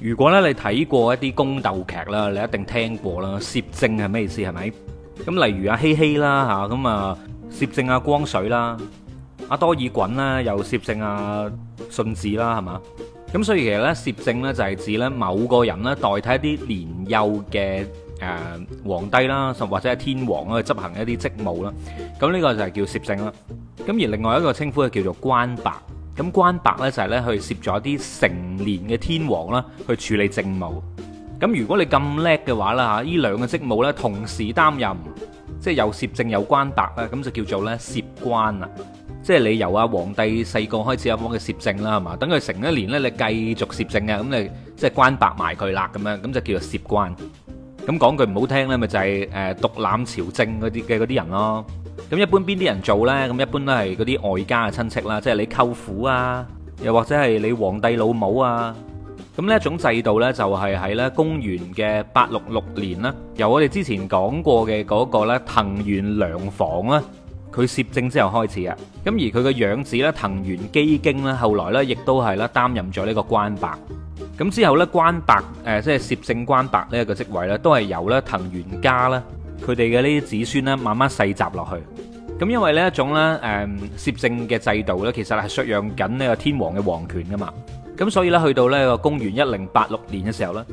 如果咧你睇過一啲宮鬥劇啦，你一定聽過啦。攝政係咩意思？係咪？咁例如阿希希啦吓，咁啊攝政阿光緒啦，阿多爾袞啦，又攝政阿順治啦，係嘛？咁所以其實咧攝政咧就係指咧某個人咧代替一啲年幼嘅誒皇帝啦，或或者係天皇咧去執行一啲職務啦。咁呢個就係叫攝政啦。咁而另外一個稱呼就叫做關白。咁關白咧就係咧去攝咗啲成年嘅天皇啦，去處理政務。咁如果你咁叻嘅話啦嚇，呢兩個職務咧同時擔任，即係又攝政又關白咧，咁就叫做咧攝關啦。即係你由阿皇帝細個開始有幫佢攝政啦，係嘛？等佢成一年咧，你繼續攝政啊，咁你即係關白埋佢啦，咁樣咁就叫做攝關。咁講句唔好聽咧，咪就係誒獨攬朝政嗰啲嘅嗰啲人咯。咁一般邊啲人做呢？咁一般都係嗰啲外家嘅親戚啦，即係你舅父啊，又或者係你皇帝老母啊。咁呢一種制度呢，就係喺呢公元嘅八六六年啦，由我哋之前講過嘅嗰個呢藤原良房啦，佢攝政之後開始啊。咁而佢嘅養子呢藤原基經呢，後來呢亦都係呢擔任咗呢個關白。咁之後呢，關白，即係攝政關白呢一個職位呢，都係由呢藤原家啦。佢哋嘅呢啲子孫呢，慢慢世襲落去。咁因為呢一種呢誒攝政嘅制度呢，其實係削弱緊呢個天皇嘅皇權噶嘛。咁所以呢，去到呢個公元一零八六年嘅時候呢，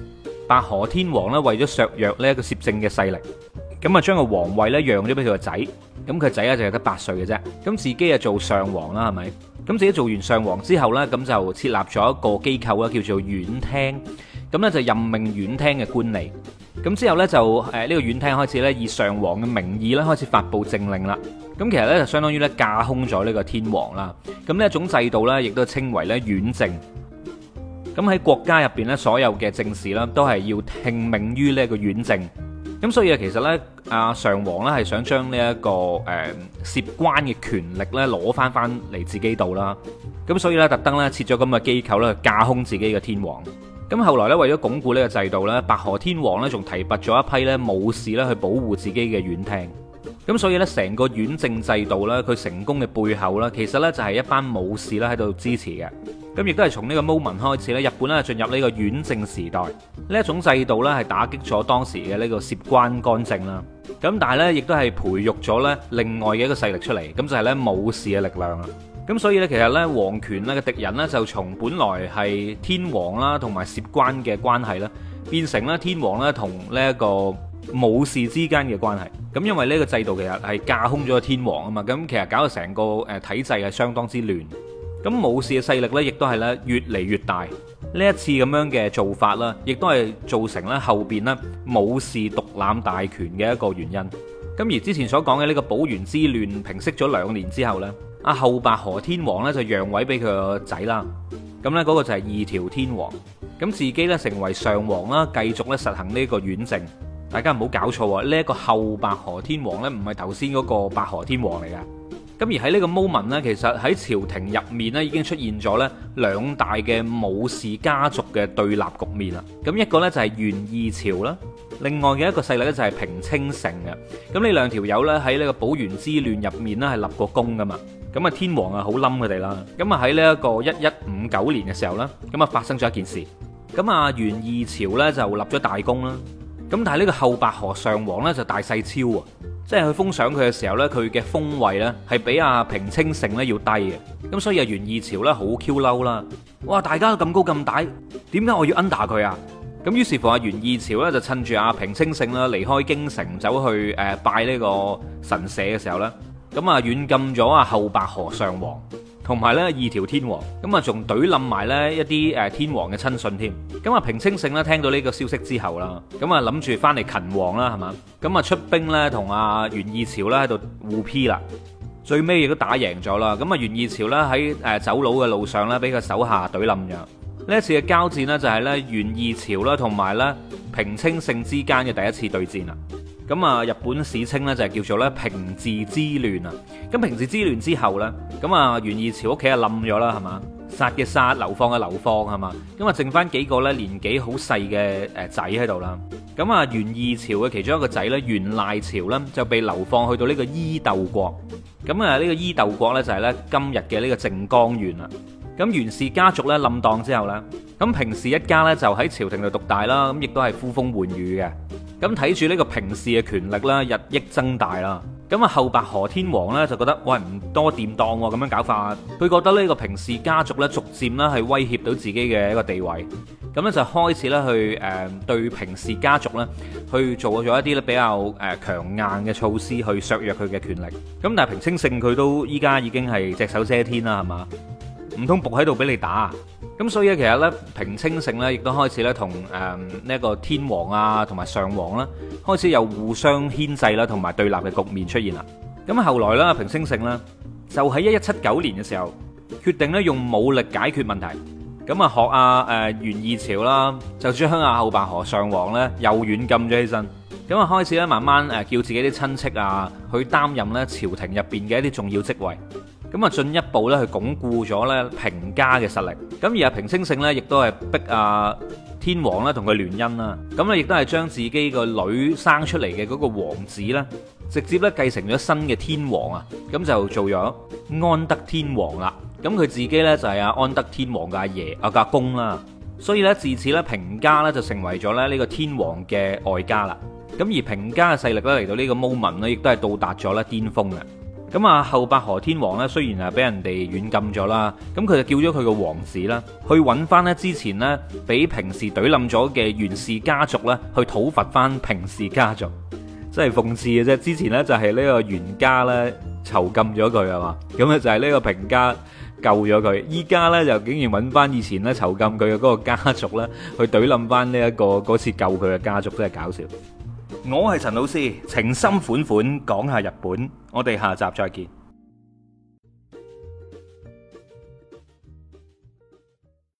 白河天皇呢，為咗削弱呢一個攝政嘅勢力，咁啊將個皇位呢讓咗俾佢個仔。咁佢仔呢，就係得八歲嘅啫，咁自己啊做上皇啦，係咪？咁自己做完上皇之後呢，咁就設立咗一個機構啊，叫做院廳。咁呢，就任命院廳嘅官吏。咁之後呢，就、這、呢個院廳開始呢，以上皇嘅名義呢開始發布政令啦，咁其實呢，就相當於呢架空咗呢個天皇啦，咁呢一種制度呢，亦都稱為呢院政，咁喺國家入面呢，所有嘅政事呢，都係要聽命於呢個個院政，咁所以啊其實呢，阿上皇呢係想將呢一個涉關嘅權力呢攞翻翻嚟自己度啦，咁所以呢，特登呢設咗咁嘅機構去架空自己嘅天皇。咁後來咧，為咗鞏固呢個制度咧，白河天皇咧仲提拔咗一批咧武士咧去保護自己嘅院廳。咁所以呢成個院政制度咧，佢成功嘅背後呢其實呢就係一班武士咧喺度支持嘅。咁亦都係從呢個 moment 開始咧，日本咧進入呢個院政時代。呢一種制度呢係打擊咗當時嘅呢個攝關干政啦。咁但係呢亦都係培育咗呢另外嘅一個勢力出嚟，咁就係、是、呢武士嘅力量啦。咁所以呢，其實呢，皇權呢嘅敵人呢，就從本來係天皇啦，同埋攝關嘅關係呢，變成啦天皇啦同呢一個武士之間嘅關係。咁因為呢個制度其實係架空咗天皇啊嘛，咁其實搞到成個誒體制係相當之亂。咁武士嘅勢力呢，亦都係咧越嚟越大。呢一次咁樣嘅做法啦，亦都係造成咧後面呢武士獨攬大權嘅一個原因。咁而之前所講嘅呢個保元之亂平息咗兩年之後呢阿後白河天皇呢就讓位俾佢個仔啦。咁呢嗰個就係二條天皇，咁自己呢成為上皇啦，繼續呢實行呢個院政。大家唔好搞錯喎，呢一個後白河天皇呢唔係頭先嗰個白河天皇嚟噶。咁而喺呢個 moment 咧，其實喺朝廷入面咧已經出現咗咧兩大嘅武士家族嘅對立局面啦。咁一個咧就係源義朝啦，另外嘅一個勢力咧就係平清盛嘅。咁呢兩條友咧喺呢個保元之亂入面咧係立過功噶嘛。咁啊天皇啊好冧佢哋啦。咁啊喺呢一個一一五九年嘅時候啦，咁啊發生咗一件事。咁啊源義朝咧就立咗大功啦。咁但係呢個後白河上皇呢，就大細超啊，即係佢封賞佢嘅時候呢，佢嘅封位呢，係比阿、啊、平清盛呢要低嘅，咁所以阿元二朝呢，好 Q 嬲啦，哇！大家都咁高咁大，點解我要 under 佢啊？咁於是乎阿元二朝呢，就趁住阿、啊、平清盛呢離開京城走去誒拜呢個神社嘅時候呢。咁啊軟禁咗阿後白河上皇。同埋呢二條天皇咁啊，仲懟冧埋呢一啲誒天皇嘅親信添。咁啊平清盛呢，聽到呢個消息之後啦，咁啊諗住翻嚟勤王啦，係嘛？咁啊出兵呢，同阿源義朝呢喺度互 P 啦，最尾亦都打贏咗啦。咁啊源義朝呢，喺誒走佬嘅路上呢，俾佢手下懟冧咗。呢一次嘅交戰呢，就係呢源義朝啦同埋呢平清盛之間嘅第一次對戰啦。咁啊，日本史稱咧就係叫做咧平治之亂啊。咁平治之亂之後呢，咁啊源義朝屋企啊冧咗啦，係嘛？殺嘅殺，流放嘅流放係嘛？咁啊剩翻幾個咧年紀好細嘅仔喺度啦。咁啊源義朝嘅其中一個仔咧源賴朝呢，就被流放去到呢個伊豆國。咁啊呢個伊豆國呢，就係呢今日嘅呢個靜岡縣啦。咁源氏家族呢，冧檔之後呢，咁平氏一家呢，就喺朝廷度獨大啦，咁亦都係呼風喚雨嘅。咁睇住呢個平氏嘅權力咧日益增大啦，咁啊後白河天皇呢，就覺得喂，唔多掂當喎，咁樣搞法，佢覺得呢個平氏家族呢，逐漸呢係威脅到自己嘅一個地位，咁呢，就開始呢去對平氏家族呢去做咗一啲咧比較強硬嘅措施去削弱佢嘅權力。咁但係平清盛佢都依家已經係隻手遮天啦，係嘛？唔通仆喺度俾你打？咁所以其實呢平清盛呢亦都開始咧同誒呢一個天皇啊，同埋上皇啦、啊，開始有互相牽制啦，同埋對立嘅局面出現啦。咁後來呢平清盛呢，就喺一一七九年嘅時候，決定咧用武力解決問題。咁啊，學、呃、啊誒源義朝啦，就將下後白河上皇呢，又軟禁咗起身。咁啊，開始咧慢慢叫自己啲親戚啊去擔任咧朝廷入邊嘅一啲重要職位。咁啊，進一步咧去鞏固咗咧平家嘅實力。咁而阿平清盛咧，亦都係逼啊天皇咧同佢聯姻啦。咁咧亦都係將自己個女生出嚟嘅嗰個王子咧，直接咧繼承咗新嘅天皇啊。咁就做咗安德天皇啦。咁佢自己咧就係阿安德天皇嘅阿爺阿個公啦。所以咧自此咧平家咧就成為咗咧呢個天皇嘅外家啦。咁而平家嘅勢力咧嚟到呢個 moment 咧，亦都係到達咗咧巔峰啊！咁啊，後白河天皇咧，雖然啊俾人哋軟禁咗啦，咁佢就叫咗佢個王子啦，去揾翻咧之前咧，俾平氏懟冧咗嘅源氏家族咧，去討伐翻平氏家族，真係諷刺嘅啫。之前呢就係呢個源家咧囚禁咗佢係嘛，咁啊就係、是、呢個平家救咗佢，依家呢就竟然揾翻以前咧囚禁佢嘅嗰個家族咧、這個，去懟冧翻呢一個嗰次救佢嘅家族，真係搞笑。我係陳老師，情深款款講下日本，我哋下集再見。